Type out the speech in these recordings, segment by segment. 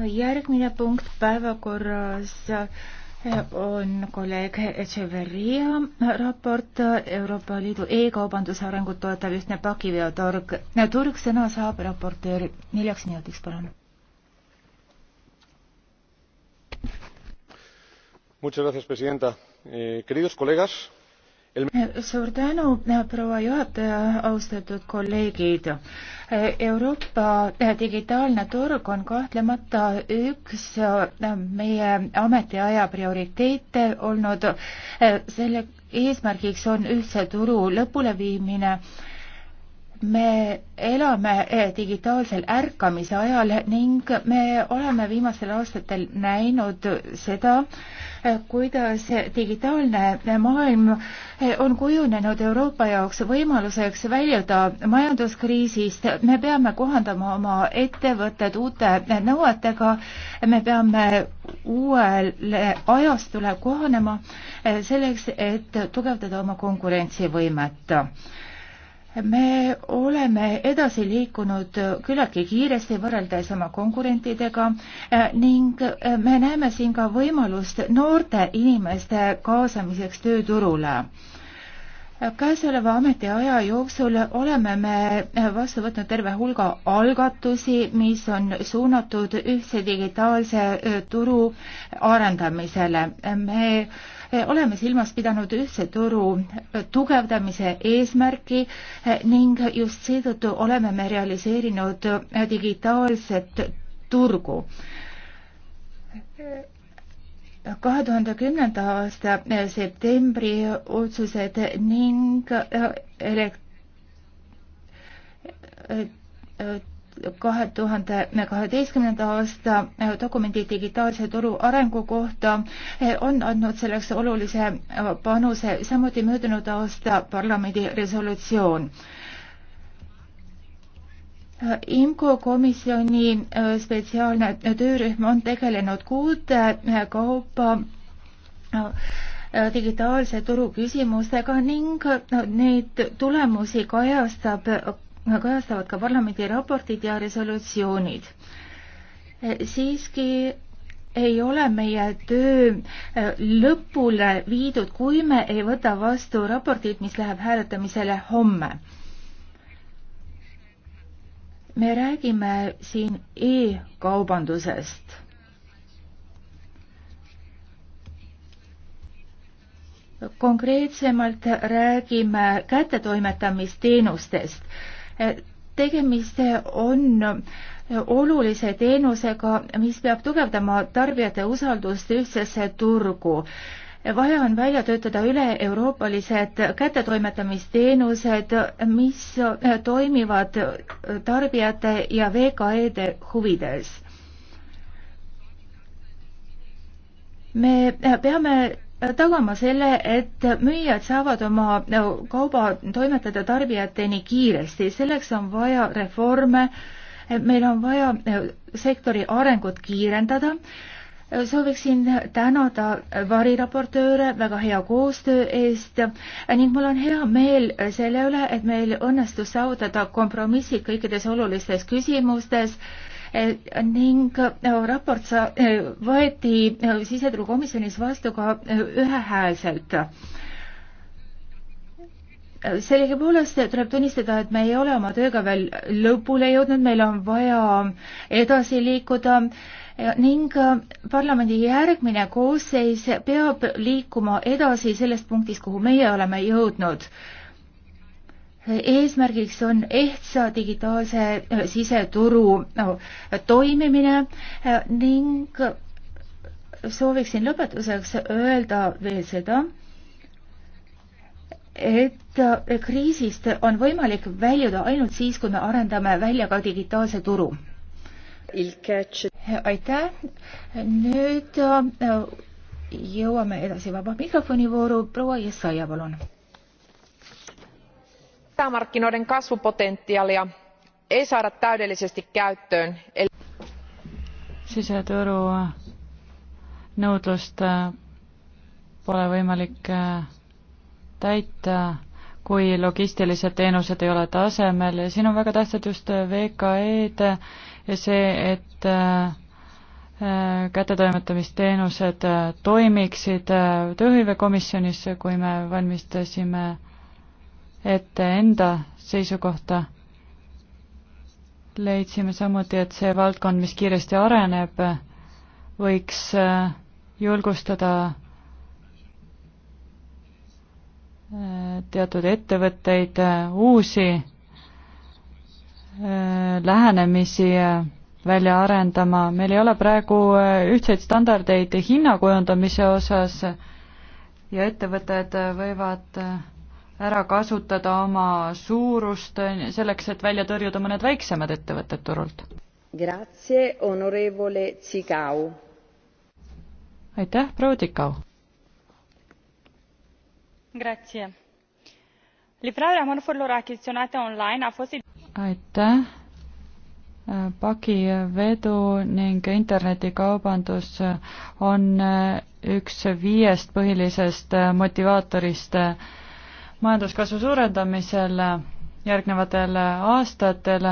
järgmine punkt päevakorras eh, on kolleeg Echeveria raport Euroopa Liidu e-kaubanduse arengut toetav ühtne pakiveoturg. turg sõna saab raportööri neljaks minutiks, palun. Muchas gracias, presidenta. Eh, queridos colegas, suur tänu, proua juhataja, austatud kolleegid. Euroopa digitaalne turg on kahtlemata üks meie ametiaja prioriteete olnud. selle eesmärgiks on ühtse turu lõpuleviimine me elame eh, digitaalsel ärkamise ajal ning me oleme viimastel aastatel näinud seda, eh, kuidas digitaalne maailm eh, on kujunenud Euroopa jaoks võimaluseks väljuda majanduskriisist. me peame kohandama oma ettevõtted uute nõuetega, me peame uuele ajastule kohanema selleks, et tugevdada oma konkurentsivõimet me oleme edasi liikunud küllaltki kiiresti võrreldes oma konkurentidega eh, ning eh, me näeme siin ka võimalust noorte inimeste kaasamiseks tööturule. käesoleva ametiaja jooksul oleme me eh, vastu võtnud terve hulga algatusi, mis on suunatud ühtse digitaalse turu arendamisele. me oleme silmas pidanud ühtse turu tugevdamise eesmärki eh, ning just seetõttu oleme me realiseerinud eh, digitaalset turgu kahe tuhande kümnenda aasta eh, septembri otsused ning elekt-, kahe tuhande kaheteistkümnenda aasta äh, dokumendi digitaalse turu arengu kohta äh, on andnud selleks olulise äh, panuse samuti möödunud aasta parlamendi resolutsioon. IMCO komisjoni spetsiaalne töörühm on tegelenud kuude kaupa digitaalse turu küsimustega ning neid tulemusi kajastab kajastavad ka parlamendi raportid ja resolutsioonid. Eh, siiski ei ole meie töö eh, lõpule viidud, kui me ei võta vastu raportit, mis läheb hääletamisele homme. me räägime siin e-kaubandusest. konkreetsemalt räägime kättetoimetamisteenustest tegemist on olulise teenusega, mis peab tugevdama tarbijate usaldust ühtsesse turgu. vaja on välja töötada üle-euroopalised kättetoimetamisteenused, mis toimivad tarbijate ja VKE-de huvides. me peame tagama selle, et müüjad saavad oma äh, kauba toimetada tarbijateni kiiresti, selleks on vaja reforme, meil on vaja äh, sektori arengut kiirendada, äh, sooviksin tänada variraportööre väga hea koostöö eest ning mul on hea meel selle üle, et meil õnnestus saavutada kompromissid kõikides olulistes küsimustes ning äh, raport sa-, äh, võeti äh, siseturukomisjonis vastu ka ühehäälselt sellegipoolest tuleb tunnistada, et me ei ole oma tööga veel lõpule jõudnud, meil on vaja edasi liikuda ning parlamendi järgmine koosseis peab liikuma edasi sellest punktist, kuhu meie oleme jõudnud eesmärgiks on ehtsa digitaalse äh, siseturu no, toimimine äh, ning sooviksin lõpetuseks öelda veel seda, et äh, kriisist on võimalik väljuda ainult siis, kui me arendame välja ka digitaalse turu. aitäh, nüüd jõuame edasi vaba mikrofoni vooru, proua Jessaja, palun sisämarkkinoiden kasvupotentiaalia ei saada täydellisesti käyttöön siseturu nõudlust äh, pole võimalik äh, täita, kui logistilised teenused ei ole tasemel ja siin on väga tähtsad just äh, VKE-d ja see, et kättetoimetamisteenused toimiksid. tööhõivekomisjonis, kui me valmistasime ette enda seisukohta. leidsime samuti, et see valdkond, mis kiiresti areneb, võiks äh, julgustada äh, teatud ettevõtteid äh, uusi lähenemisi välja arendama, meil ei ole praegu ühtseid standardeid hinnakujundamise osas ja ettevõtted võivad ära kasutada oma suurust selleks, et välja tõrjuda mõned väiksemad ettevõtted turult. aitäh, proua Tikau! livrarea mărfurilor achiziționate online a fost. aitäh! pakivedu ning internetikaubandus on üks viiest põhilisest motivaatorist majanduskasvu suurendamisel järgnevatel aastatel.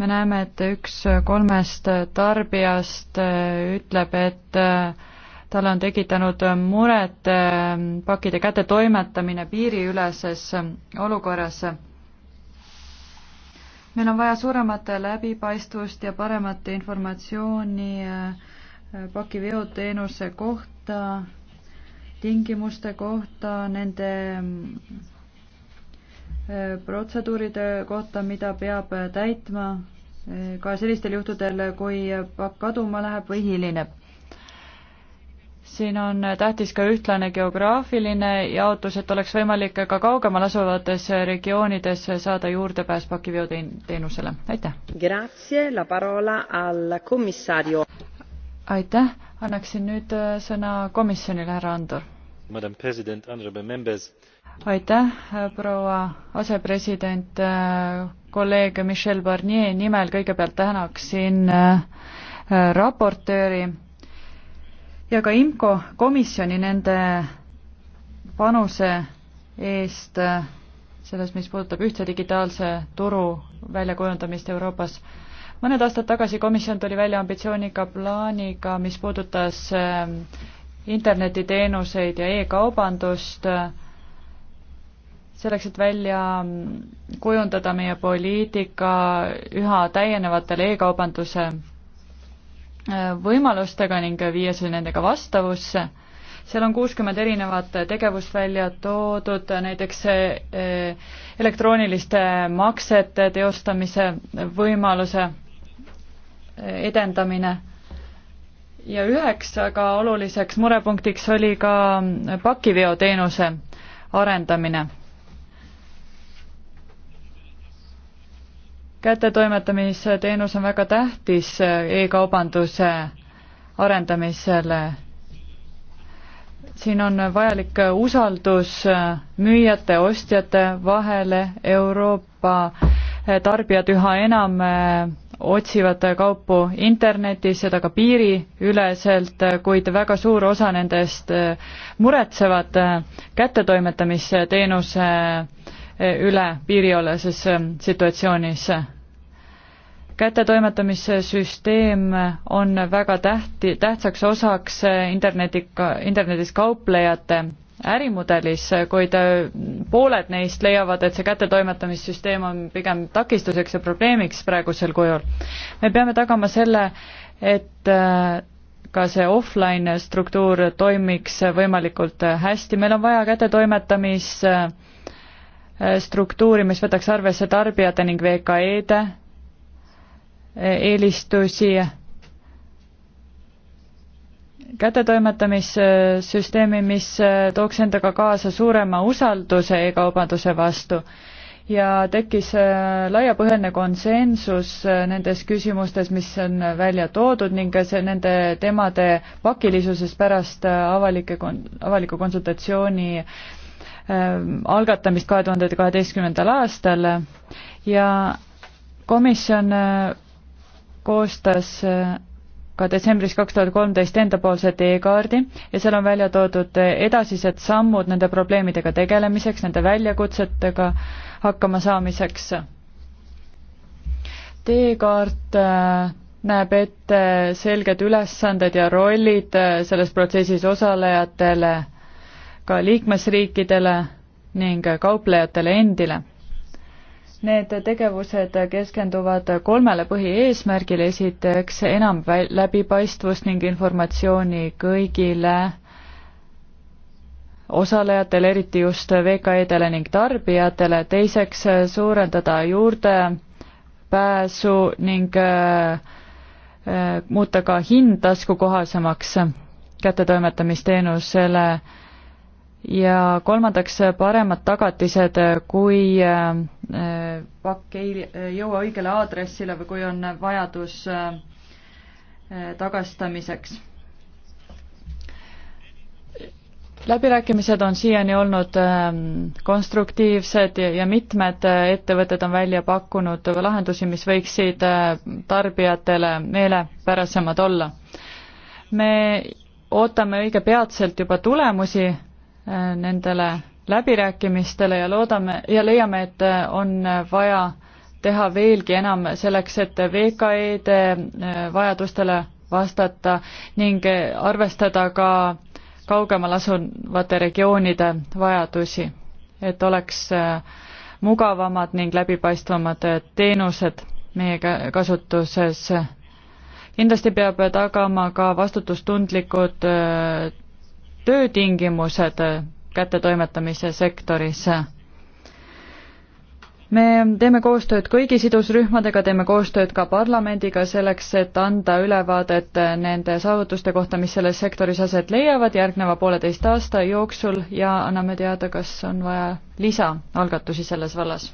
me näeme, et üks kolmest tarbijast ütleb, et talle on tekitanud muret pakkide kättetoimetamine piiriüleses olukorras. meil on vaja suuremat läbipaistvust ja paremat informatsiooni pakiveoteenuse kohta tingimuste kohta, nende äh, protseduuride kohta, mida peab äh, täitma äh, ka sellistel juhtudel, kui pakk kaduma läheb või hilineb. siin on tähtis ka ühtlane geograafiline jaotus, et oleks võimalik ka kaugemal asuvates regioonides saada juurdepääs pakiveoteenusele. aitäh! aitäh, annaksin nüüd äh, sõna komisjonile, härra Andur. aitäh, äh, proua asepresident, äh, kolleeg Michel Barnier nimel kõigepealt tänaksin raportööri ja ka IMCO komisjoni nende panuse eest selles, mis puudutab ühtse digitaalse turu väljakujundamist Euroopas mõned aastad tagasi komisjon tuli välja ambitsiooniga plaaniga, mis puudutas ähm, internetiteenuseid ja e-kaubandust, selleks, et välja mm, kujundada meie poliitika üha täienevatele e-kaubanduse äh, võimalustega ning viia see nendega vastavusse. seal on kuuskümmend erinevat tegevust välja toodud, näiteks äh, elektrooniliste maksete teostamise võimaluse edendamine ja üheks väga oluliseks murepunktiks oli ka pakiveoteenuse arendamine. kättetoimetamisteenus on väga tähtis e-kaubanduse arendamisele. siin on vajalik usaldus müüjate, ostjate vahele, Euroopa tarbijad üha enam otsivad kaupu internetis, seda ka piiriüleselt, kuid väga suur osa nendest eh, muretsevad eh, kättetoimetamisteenuse eh, üle piiriolases situatsioonis. kättetoimetamissüsteem on väga tähti, tähtsaks osaks interneti, internetis kauplejate ärimudelis, kuid äh, pooled neist leiavad, et see kättetoimetamissüsteem on pigem takistuseks ja probleemiks praegusel kujul. me peame tagama selle, et äh, ka see offline struktuur toimiks võimalikult äh, hästi, meil on vaja kättetoimetamisstruktuuri, mis võtaks arvesse tarbijate ning VKE-de eelistusi kättetoimetamissüsteemi, mis äh, tooks endaga kaasa suurema usalduse e-kaubanduse vastu ja tekkis äh, laiapõhjaline konsensus äh, nendes küsimustes, mis on välja toodud ning see nende teemade pakilisusest pärast avalike, avaliku konsultatsiooni algatamist kahe tuhande kaheteistkümnendal aastal ja komisjon koostas ka detsembris kaks tuhat kolmteist endapoolse teekaardi ja seal on välja toodud edasised sammud nende probleemidega tegelemiseks, nende väljakutsetega hakkama saamiseks. teekaart äh, näeb ette selged ülesanded ja rollid äh, selles protsessis osalejatele, ka liikmesriikidele ning kauplejatele endile Need tegevused keskenduvad kolmele põhieesmärgile, esiteks enam läbipaistvust ning informatsiooni kõigile osalejatele, eriti just VKE-dele ning tarbijatele, teiseks suurendada juurdepääsu ning äh, äh muuta ka hind taskukohasemaks kättetoimetamisteenusele äh, ja kolmandaks, paremad tagatised, kui äh, pakk ei äh, jõua õigele aadressile või kui on vajadus äh, tagastamiseks. läbirääkimised on siiani olnud ähm, konstruktiivsed ja mitmed ettevõtted on välja pakkunud lahendusi, mis võiksid tarbijatele meelepärasemad olla. me ootame õige peatselt juba tulemusi nendele läbirääkimistele ja loodame ja leiame, et on vaja teha veelgi enam selleks, et VKE-de äh, vajadustele vastata ning arvestada ka kaugemal asuvate regioonide vajadusi, et oleks äh, mugavamad ning läbipaistvamad äh, teenused meie kasutuses. kindlasti peab tagama ka vastutustundlikud töötingimused kättetoimetamise sektoris. me teeme koostööd kõigi sidusrühmadega, teeme koostööd ka parlamendiga selleks, et anda ülevaadet nende saavutuste kohta, mis selles sektoris aset leiavad järgneva pooleteist aasta jooksul ja anname teada, kas on vaja lisaalgatusi selles vallas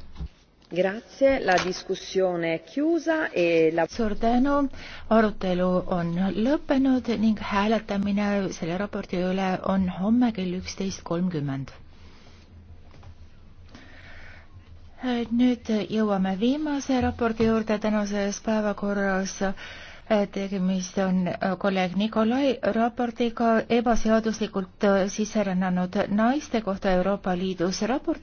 Grazie, la discussione è chiusa e la... suur tänu, arutelu on lõppenud ning hääletamine selle raporti üle on homme kell üksteist kolmkümmend. nüüd jõuame viimase raporti juurde tänases päevakorras tegemist on äh, kolleeg Nikolai raportiga ebaseaduslikult äh, sisserännanud naiste kohta Euroopa Liidus raport.